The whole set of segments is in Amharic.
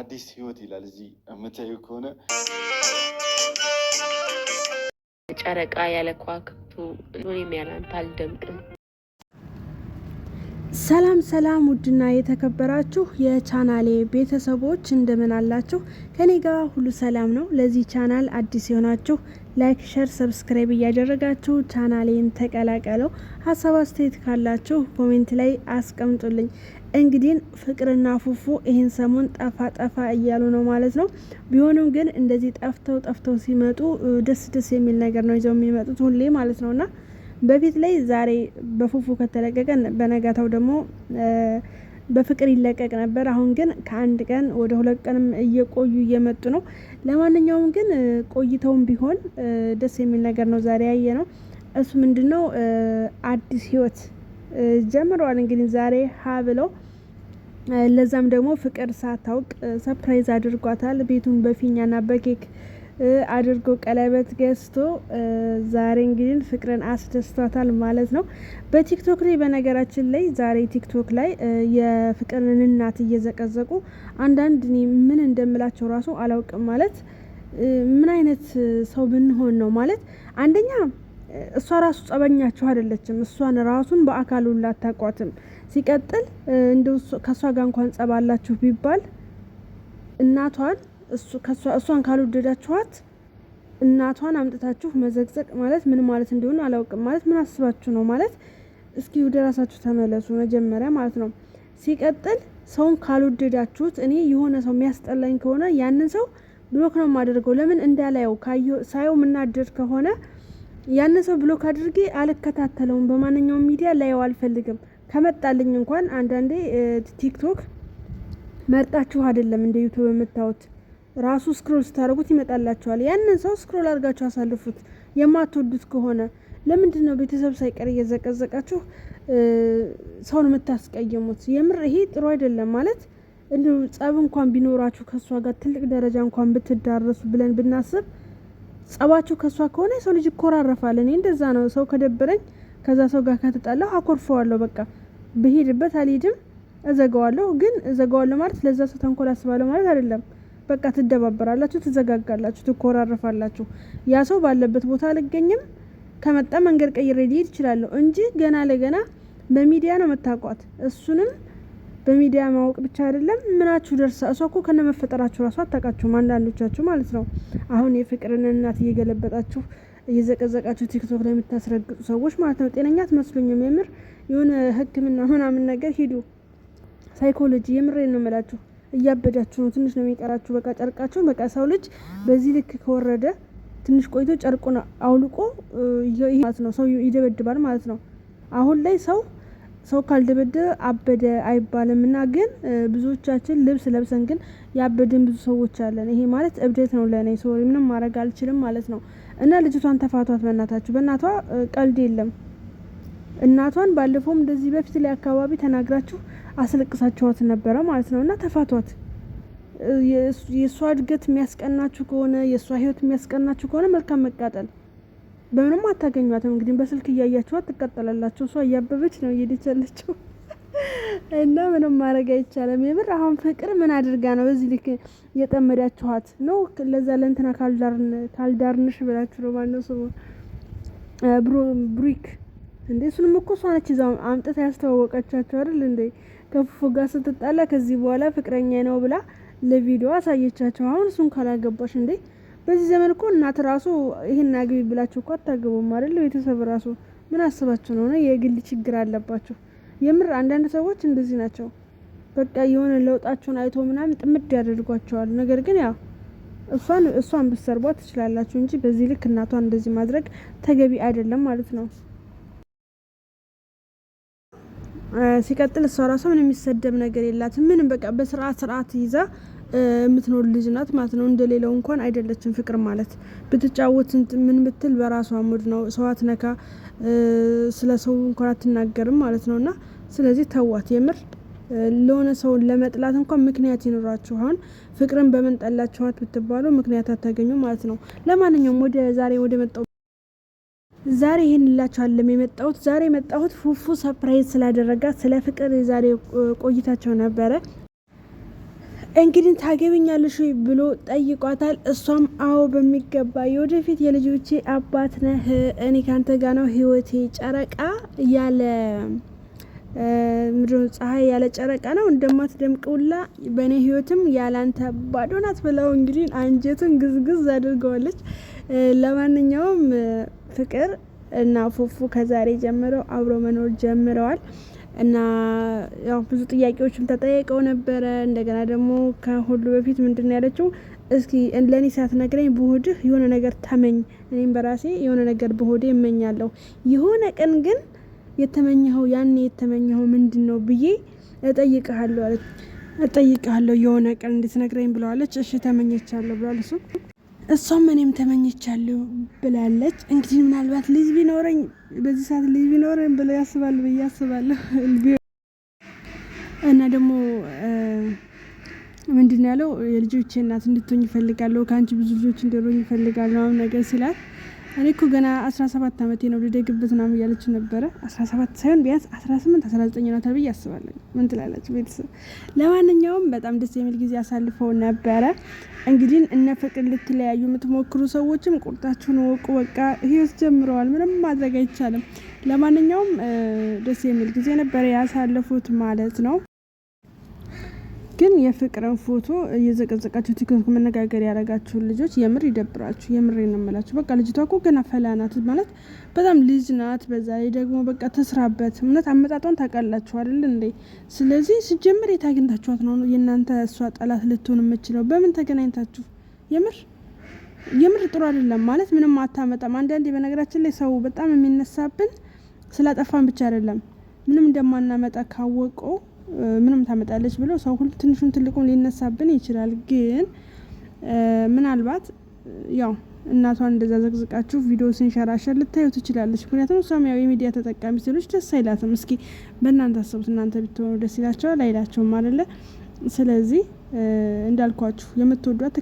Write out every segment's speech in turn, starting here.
አዲስ ህይወት ይላል። እዚህ የምታዩ ከሆነ ጨረቃ ያለ ከዋክብቱ ምን ያላንተ አልደምቅም ሰላም ሰላም ውድና የተከበራችሁ የቻናሌ ቤተሰቦች እንደምን አላችሁ? ከኔ ጋር ሁሉ ሰላም ነው። ለዚህ ቻናል አዲስ የሆናችሁ ላይክ፣ ሸር፣ ሰብስክራይብ እያደረጋችሁ ቻናሌን ተቀላቀለው። ሀሳብ አስተያየት ካላችሁ ኮሜንት ላይ አስቀምጡልኝ። እንግዲህ ፍቅርና ፉፉ ይህን ሰሞን ጠፋ ጠፋ እያሉ ነው ማለት ነው። ቢሆንም ግን እንደዚህ ጠፍተው ጠፍተው ሲመጡ ደስ ደስ የሚል ነገር ነው ይዘው የሚመጡት ሁሌ ማለት ነውና በፊት ላይ ዛሬ በፉፉ ከተለቀቀ በነጋታው ደግሞ በፍቅር ይለቀቅ ነበር። አሁን ግን ከአንድ ቀን ወደ ሁለት ቀንም እየቆዩ እየመጡ ነው። ለማንኛውም ግን ቆይተውም ቢሆን ደስ የሚል ነገር ነው ዛሬ ያየ ነው። እሱ ምንድን ነው አዲስ ህይወት ጀምረዋል። እንግዲህ ዛሬ ሀ ብለው ለዛም ደግሞ ፍቅር ሳታውቅ ሰፕራይዝ አድርጓታል ቤቱን በፊኛና በኬክ አድርጎ ቀለበት ገዝቶ ዛሬ እንግዲህ ፍቅርን አስደስቷታል ማለት ነው። በቲክቶክ ላይ በነገራችን ላይ ዛሬ ቲክቶክ ላይ የፍቅርን እናት እየዘቀዘቁ አንዳንድ ምን እንደምላቸው ራሱ አላውቅም። ማለት ምን አይነት ሰው ብንሆን ነው ማለት አንደኛ እሷ ራሱ ጸበኛቸው አይደለችም። እሷን ራሱን በአካሉ ላታቋትም። ሲቀጥል እንደ ከእሷ ጋር እንኳን ጸባላችሁ ቢባል እናቷን እሷን ካልወደዳችኋት እናቷን አምጥታችሁ መዘግዘቅ ማለት ምን ማለት እንደሆነ አላውቅም። ማለት ምን አስባችሁ ነው ማለት እስኪ ወደ ራሳችሁ ተመለሱ መጀመሪያ ማለት ነው። ሲቀጥል ሰውን ካልወደዳችሁት፣ እኔ የሆነ ሰው የሚያስጠላኝ ከሆነ ያንን ሰው ብሎክ ነው የማደርገው። ለምን እንዳላየው ሳየው የምናደድ ከሆነ ያንን ሰው ብሎክ አድርጌ አልከታተለውም። በማንኛውም ሚዲያ ላየው አልፈልግም። ከመጣልኝ እንኳን አንዳንዴ ቲክቶክ መርጣችሁ አይደለም እንደ ዩቱብ የምታዩት ራሱ ስክሮል ስታደርጉት ይመጣላችኋል። ያንን ሰው ስክሮል አድርጋችሁ አሳልፉት የማትወዱት ከሆነ ለምንድን ነው ቤተሰብ ሳይቀር እየዘቀዘቃችሁ ሰውን የምታስቀየሙት? የምር ይሄ ጥሩ አይደለም። ማለት እንዲ ጸብ እንኳን ቢኖራችሁ ከእሷ ጋር ትልቅ ደረጃ እንኳን ብትዳረሱ ብለን ብናስብ ጸባችሁ ከእሷ ከሆነ የሰው ልጅ ይኮራረፋል። እኔ እንደዛ ነው። ሰው ከደበረኝ ከዛ ሰው ጋር ከተጣላሁ አኮርፈዋለሁ። በቃ ብሄድበት አልሄድም፣ እዘገዋለሁ። ግን እዘገዋለሁ ማለት ለዛ ሰው ተንኮል አስባለሁ ማለት አይደለም። በቃ ትደባበራላችሁ፣ ትዘጋጋላችሁ፣ ትኮራረፋላችሁ። ያ ሰው ባለበት ቦታ አልገኝም ከመጣ መንገድ ቀይሬ ሊሄድ ይችላለሁ እንጂ ገና ለገና በሚዲያ ነው መታቋት። እሱንም በሚዲያ ማወቅ ብቻ አይደለም ምናችሁ ደርሳ እሷ እኮ ከነ መፈጠራችሁ ራሱ አታውቃችሁም፣ አንዳንዶቻችሁ ማለት ነው። አሁን የፍቅርን እናት እየገለበጣችሁ እየዘቀዘቃችሁ ቲክቶክ ላይ የምታስረግጡ ሰዎች ማለት ነው። ጤነኛ አትመስሉኝም። የምር የሆነ ሕክምና ምናምን ነገር ሂዱ፣ ሳይኮሎጂ። የምሬን ነው የምላችሁ። እያበዳችሁ ነው። ትንሽ ነው የሚቀራችሁ። በቃ ጨርቃችሁን በቃ ሰው ልጅ በዚህ ልክ ከወረደ ትንሽ ቆይቶ ጨርቁን አውልቆ ማለት ነው ሰው ይደበድባል ማለት ነው። አሁን ላይ ሰው ሰው ካልደበደበ አበደ አይባልም እና ግን ብዙዎቻችን ልብስ ለብሰን ግን ያበድን ብዙ ሰዎች አለን። ይሄ ማለት እብደት ነው ለእኔ ሰው ምንም ማድረግ አልችልም ማለት ነው። እና ልጅቷን ተፋቷት በእናታችሁ። በእናቷ ቀልድ የለም። እናቷን ባለፈውም እንደዚህ በፊት ላይ አካባቢ ተናግራችሁ አስለቅሳችኋት ነበረ ማለት ነው እና ተፋቷት። የእሷ እድገት የሚያስቀናችሁ ከሆነ የእሷ ህይወት የሚያስቀናችሁ ከሆነ መልካም መቃጠል። በምንም አታገኟትም። እንግዲህ በስልክ እያያችኋት ትቃጠላላችሁ። እሷ እያበበች ነው እየሄደች እና ምንም ማድረግ አይቻልም። የምር አሁን ፍቅር ምን አድርጋ ነው በዚህ ልክ እየጠመዳችኋት ነው? ለዛ ለእንትና ካልዳርንሽ ብላችሁ ነው ማነው ስሙ ብሩክ እንዴ? እሱንም እኮ እሷ ነች ይዛ አምጥታ ያስተዋወቀቻቸው አይደል እንዴ? ከፉፉ ጋር ስትጣላ ከዚህ በኋላ ፍቅረኛ ነው ብላ ለቪዲዮ አሳየቻቸው። አሁን እሱን ካላገባሽ እንዴ በዚህ ዘመን እኮ እናት ራሱ ይሄን አግቢ ብላችሁ እኮ አታገቡም አይደል? ቤተሰብ ራሱ ምን አስባችሁ ነው? የግል ችግር አለባችሁ። የምር አንዳንድ ሰዎች እንደዚህ ናቸው። በቃ የሆነ ለውጣቸውን አይቶ ምናምን ጥምድ ያደርጓቸዋል። ነገር ግን ያው እሷን እሷን ብትሰርቧ ትችላላችሁ እንጂ በዚህ ልክ እናቷን እንደዚህ ማድረግ ተገቢ አይደለም ማለት ነው። ሲቀጥል እሷ ራሷ ምን የሚሰደብ ነገር የላትም። ምንም በቃ በስርዓት ስርዓት ይዛ የምትኖር ልጅ ናት ማለት ነው። እንደሌለው እንኳን አይደለችም። ፍቅር ማለት ብትጫወት ምን ብትል በራሷ ሙድ ነው። ሰዋት ነካ ስለ ሰው እንኳን አትናገርም ማለት ነው። እና ስለዚህ ተዋት የምር ለሆነ ሰውን ለመጥላት እንኳን ምክንያት ይኖራችሁ። አሁን ፍቅርን በምን ጠላችኋት ብትባሉ ምክንያት አታገኙ ማለት ነው። ለማንኛውም ወደ ዛሬ ወደ መጣው ዛሬ ይህን እላችኋለሁ የመጣሁት ዛሬ የመጣሁት ፉፉ ሰፕራይዝ ስላደረጋት ስለ ፍቅር የዛሬ ቆይታቸው ነበረ። እንግዲህ ታገቢኛለሽ ብሎ ጠይቋታል። እሷም አዎ በሚገባ የወደፊት የልጆቼ አባት ነህ፣ እኔ ካንተ ጋ ነው ህይወቴ። ጨረቃ ያለ ምድር ፀሐይ ያለ ጨረቃ ነው እንደማትደምቅውላ በእኔ ህይወትም ያላንተ ባዶ ናት ብለው እንግዲህ አንጀቱን ግዝግዝ አድርገዋለች። ለማንኛውም ፍቅር እና ፉፉ ከዛሬ ጀምረው አብሮ መኖር ጀምረዋል። እና ያው ብዙ ጥያቄዎችም ተጠየቀው ነበረ። እንደገና ደግሞ ከሁሉ በፊት ምንድን ያለችው እስኪ ለእኔ ሳትነግረኝ በሆድህ የሆነ ነገር ተመኝ፣ እኔም በራሴ የሆነ ነገር በሆዴ እመኛለሁ። የሆነ ቀን ግን የተመኘኸው ያኔ የተመኘኸው ምንድን ነው ብዬ እጠይቅሃለሁ አለች። እጠይቅሃለሁ የሆነ ቀን እንድትነግረኝ ብለዋለች። እሺ ተመኘቻለሁ ብለዋል እሱ እሷም እኔም ተመኝቻለሁ ብላለች። እንግዲህ ምናልባት ልጅ ቢኖረኝ በዚህ ሰዓት ልጅ ቢኖረኝ ብለ ያስባሉ ብዬ አስባለሁ። እና ደግሞ ምንድን ያለው የልጆች እናት እንድትሆኝ ይፈልጋለሁ፣ ከአንቺ ብዙ ልጆች እንዲኖሩኝ ይፈልጋለሁ ነገር ሲላት እኔ እኮ ገና አስራ ሰባት አመቴ ነው ልደግበት ምናምን እያለች ነበረ። አስራ ሰባት ሳይሆን ቢያንስ አስራ ስምንት አስራ ዘጠኝ ናታል ብዬ አስባለሁ። ምን ትላላችሁ ቤተሰብ? ለማንኛውም በጣም ደስ የሚል ጊዜ አሳልፈው ነበረ። እንግዲህ እነ ፍቅር ልትለያዩ የምትሞክሩ ሰዎችም ቁርጣችሁን ወቁ። በቃ ህይወት ጀምረዋል፣ ምንም ማድረግ አይቻልም። ለማንኛውም ደስ የሚል ጊዜ ነበረ ያሳለፉት ማለት ነው። ግን የፍቅርን ፎቶ እየዘቀዘቃችሁ ቲክቶክ መነጋገር ያደረጋችሁን ልጆች የምር ይደብራችሁ። የምር እንመላችሁ። በቃ ልጅቷ እኮ ገና ፈላ ናት ማለት በጣም ልጅ ናት። በዛ ላይ ደግሞ በቃ ተስራበት እምነት አመጣጧን ታውቃላችሁ አይደል እንዴ? ስለዚህ ሲጀምር የት አግኝታችኋት ነው የእናንተ እሷ ጠላት ልትሆን የምችለው? በምን ተገናኝታችሁ? የምር የምር ጥሩ አይደለም ማለት ምንም አታመጣም። አንዳንዴ በነገራችን ላይ ሰው በጣም የሚነሳብን ስላጠፋን ብቻ አይደለም ምንም እንደማናመጣ ካወቀው ምንም ታመጣለች ብሎ ሰው ሁሉ ትንሹን ትልቁን ሊነሳብን ይችላል። ግን ምናልባት ያው እናቷን እንደዛ ዘቅዝቃችሁ ቪዲዮ ስንሸራሸር ልታዩ ትችላለች። ምክንያቱም እሷም ያው የሚዲያ ተጠቃሚ ስሎች ደስ አይላትም። እስኪ በእናንተ አሰቡት እናንተ ብትሆኑ ደስ ይላቸዋል አይላቸውም አለ ስለዚህ እንዳልኳችሁ የምትወዷት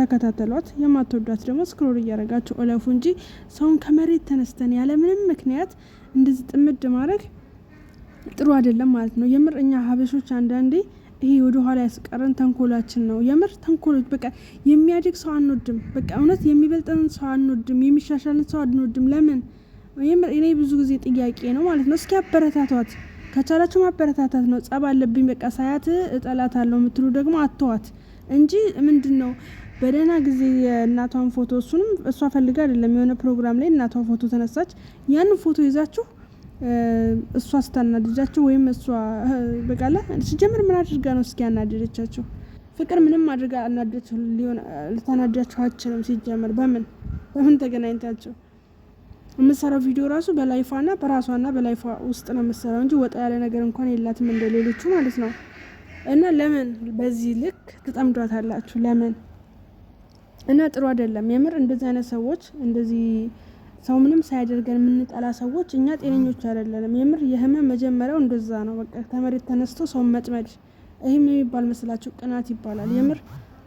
ተከታተሏት፣ የማትወዷት ደግሞ ስክሮል እያደረጋችሁ እለፉ እንጂ ሰውን ከመሬት ተነስተን ያለምንም ምክንያት እንደዚህ ጥምድ ማድረግ ጥሩ አይደለም ማለት ነው። የምር እኛ ሀበሾች አንዳንዴ ይሄ ወደ ኋላ ያስቀረን ተንኮላችን ነው። የምር ተንኮሎች በቃ የሚያድግ ሰው አንወድም። በቃ እውነት የሚበልጠን ሰው አንወድም። የሚሻሻልን ሰው አንወድም። ለምን? የምር እኔ ብዙ ጊዜ ጥያቄ ነው ማለት ነው። እስኪ አበረታቷት ከቻላችሁ ማበረታታት ነው። ጸብ አለብኝ በቃ ሳያት እጠላት አለው የምትሉ ደግሞ አተዋት እንጂ ምንድን ነው በደህና ጊዜ የእናቷን ፎቶ እሱንም እሷ ፈልጋ አይደለም የሆነ ፕሮግራም ላይ እናቷን ፎቶ ተነሳች። ያንን ፎቶ ይዛችሁ እሷ ስታናድጃቸው ወይም እሷ በቃለ ሲጀምር ምን አድርጋ ነው እስኪ ያናደደቻቸው? ፍቅር ምንም አድርጋ አናደቸው ሊሆን ልታናዳቸው አችልም። ሲጀምር በምን በምን ተገናኝታቸው የምሰራው ቪዲዮ ራሱ በላይፏና በራሷና በላይፏ ውስጥ ነው የምሰራው እንጂ ወጣ ያለ ነገር እንኳን የላትም እንደ ሌሎቹ ማለት ነው። እና ለምን በዚህ ልክ ትጠምዷታላችሁ? ለምን እና ጥሩ አይደለም የምር እንደዚህ አይነት ሰዎች እንደዚህ ሰው ምንም ሳያደርገን የምንጠላ ሰዎች እኛ ጤነኞች አይደለንም። የምር የህመም መጀመሪያው እንደዛ ነው። በቃ ከመሬት ተነስቶ ሰው መጥመድ ይህም የሚባል መስላችሁ ቅናት ይባላል። የምር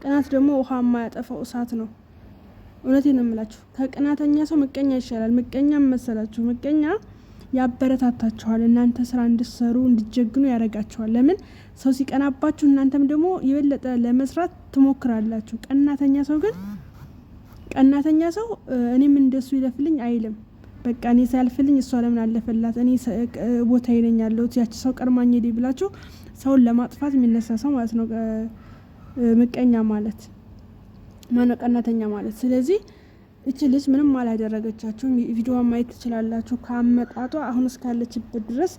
ቅናት ደግሞ ውሃ የማያጠፋው እሳት ነው። እውነቴን ነው የምላችሁ። ከቅናተኛ ሰው ምቀኛ ይሻላል። ምቀኛ መሰላችሁ? ምቀኛ ያበረታታችኋል። እናንተ ስራ እንድሰሩ እንድጀግኑ ያደርጋችኋል። ለምን ሰው ሲቀናባችሁ እናንተም ደግሞ የበለጠ ለመስራት ትሞክራላችሁ። ቀናተኛ ሰው ግን ቀናተኛ ሰው እኔም እንደሱ ይለፍልኝ አይልም። በቃ እኔ ሳያልፍልኝ እሷ ለምን አለፈላት? እኔ ቦታ ይለኝ ያለሁት ያቺ ሰው ቀድማኝ ሄዴ ብላችሁ ሰውን ለማጥፋት የሚነሳ ሰው ማለት ነው ምቀኛ ማለት ማነው? ቀናተኛ ማለት። ስለዚህ እቺ ልጅ ምንም አላደረገቻችሁም። ቪዲዮ ማየት ትችላላችሁ። ከአመጣጧ አሁን እስካለችበት ድረስ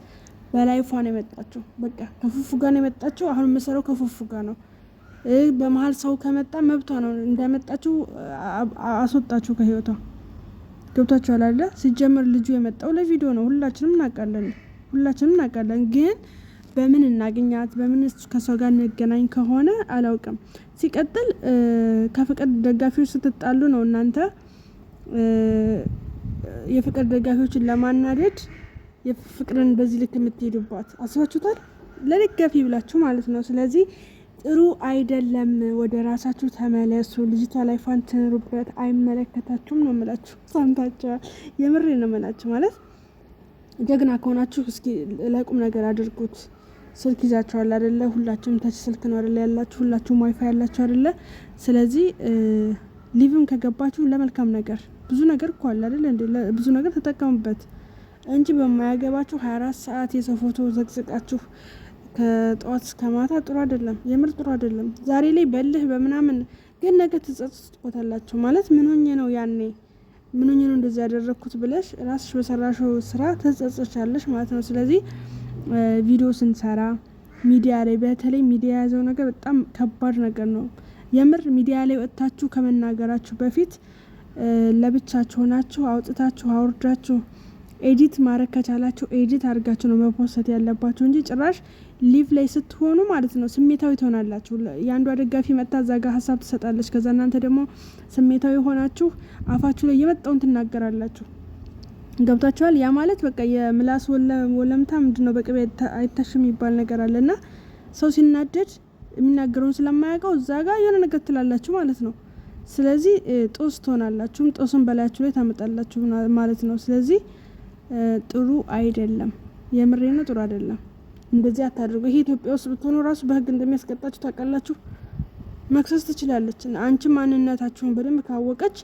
በላይፏ ነው የመጣችሁ። በቃ ከፉፉ ጋር ነው የመጣችሁ። አሁን የምሰራው ከፉፉ ጋር ነው በመሀል ሰው ከመጣ መብቷ ነው። እንደመጣችሁ አስወጣችሁ ከህይወቷ ገብቷችሁ አላለ። ሲጀመር ልጁ የመጣው ለቪዲዮ ነው። ሁላችንም እናውቃለን፣ ሁላችንም እናውቃለን። ግን በምን እናገኛት፣ በምን ከሰው ጋር እንገናኝ ከሆነ አላውቅም። ሲቀጥል ከፍቅር ደጋፊዎች ስትጣሉ ነው እናንተ የፍቅር ደጋፊዎችን ለማናደድ የፍቅርን በዚህ ልክ የምትሄዱባት አስባችሁታል? ለደጋፊ ብላችሁ ማለት ነው። ስለዚህ ጥሩ አይደለም። ወደ ራሳችሁ ተመለሱ። ልጅቷ ላይ ፋንትንሩበት፣ አይመለከታችሁም ነው ምላችሁ። ሳምታቸ የምሬ ነው ምላችሁ ማለት ጀግና ከሆናችሁ እስኪ ለቁም ነገር አድርጉት። ስልክ ይዛችኋል አደለ? ሁላችሁም ተች ስልክ ነው አደለ ያላችሁ? ሁላችሁም ዋይፋይ ያላችሁ አደለ? ስለዚህ ሊቭም ከገባችሁ ለመልካም ነገር ብዙ ነገር እኮ አለ አደለ? ብዙ ነገር ተጠቀሙበት እንጂ በማያገባችሁ ሀያ አራት ሰዓት የሰው ፎቶ ዘቅዝቃችሁ ከጠዋት እስከ ማታ ጥሩ አይደለም፣ የምር ጥሩ አይደለም። ዛሬ ላይ በልህ በምናምን ግን ነገ ትጸጸትቦታላቸው ማለት ምን ሆኜ ነው ያኔ ምን ሆኜ ነው እንደዚህ ያደረግኩት ብለሽ ራስሽ በሰራሽው ስራ ትጸጽቻለሽ ማለት ነው። ስለዚህ ቪዲዮ ስንሰራ ሚዲያ ላይ በተለይ ሚዲያ የያዘው ነገር በጣም ከባድ ነገር ነው። የምር ሚዲያ ላይ ወጥታችሁ ከመናገራችሁ በፊት ለብቻችሁ ሆናችሁ አውጥታችሁ አውርዳችሁ ኤዲት ማድረግ ከቻላችሁ ኤዲት አድርጋችሁ ነው መፖሰት ያለባችሁ እንጂ ጭራሽ ሊቭ ላይ ስትሆኑ ማለት ነው ስሜታዊ ትሆናላችሁ። የአንዷ ደጋፊ መጥታ እዛ ጋር ሀሳብ ትሰጣለች። ከዛ እናንተ ደግሞ ስሜታዊ ሆናችሁ አፋችሁ ላይ የመጣውን ትናገራላችሁ። ገብታችኋል? ያ ማለት በቃ የምላስ ወለምታ ምንድን ነው በቅቤ አይታሽም የሚባል ነገር አለ እና ሰው ሲናደድ የሚናገረውን ስለማያውቀው እዛ ጋር የሆነ ነገር ትላላችሁ ማለት ነው። ስለዚህ ጦስ ትሆናላችሁም፣ ጦስን በላያችሁ ላይ ታመጣላችሁ ማለት ነው። ስለዚህ ጥሩ አይደለም። የምሬ ነው፣ ጥሩ አይደለም። እንደዚህ አታድርጉ። ይሄ ኢትዮጵያ ውስጥ ብትሆኑ ራሱ በህግ እንደሚያስቀጣችሁ ታውቃላችሁ። መክሰስ ትችላለች። አንቺ ማንነታችሁን በደንብ ካወቀች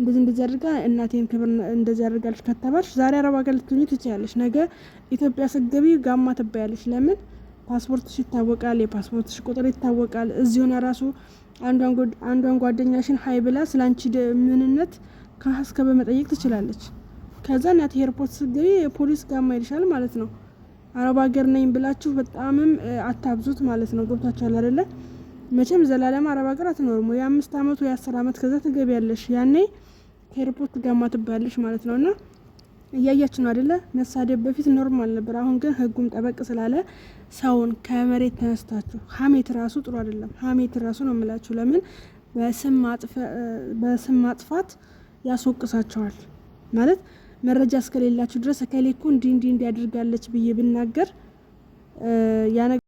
እንደዚህ እንደዚህ አድርጋ እናቴን ክብር እንደዚህ አድርጋለች ከተባልሽ ዛሬ አረብ ሀገር ልትገኝ ትችላለች። ነገ ኢትዮጵያ ስትገቢ ጋማ ትባያለች። ለምን ፓስፖርትሽ ይታወቃል። የፓስፖርትሽ ቁጥር ይታወቃል። ሆነ ራሱ አንዷን ጓደኛሽን ሀይ ብላ ስለ አንቺ ምንነት ከሀስከ በመጠየቅ ትችላለች። ከዛ እናቴ ኤርፖርት ስትገቢ የፖሊስ ጋማ ይልሻል ማለት ነው። አረብ ሀገር ነኝ ብላችሁ በጣምም አታብዙት ማለት ነው። ገብቷችኋል አይደለ? መቼም ዘላለም አረብ ሀገር አትኖርም። ወይ አምስት አመት ወይ አስር አመት ከዛ ትገቢያለሽ። ያኔ ከኤርፖርት ጋማ ትባያለሽ ማለት ነው። እና እያያችሁ ነው አይደለ? መሳደብ በፊት ኖርማል ነበር። አሁን ግን ህጉም ጠበቅ ስላለ ሰውን ከመሬት ተነስታችሁ ሀሜት ራሱ ጥሩ አይደለም። ሀሜት ራሱ ነው የምላችሁ። ለምን በስም ማጥፋት ያስወቅሳቸዋል ማለት መረጃ እስከሌላችሁ ድረስ እከሌ እኮ እንዲህ እንዲህ እንዲያደርጋለች ብዬ ብናገር ያነ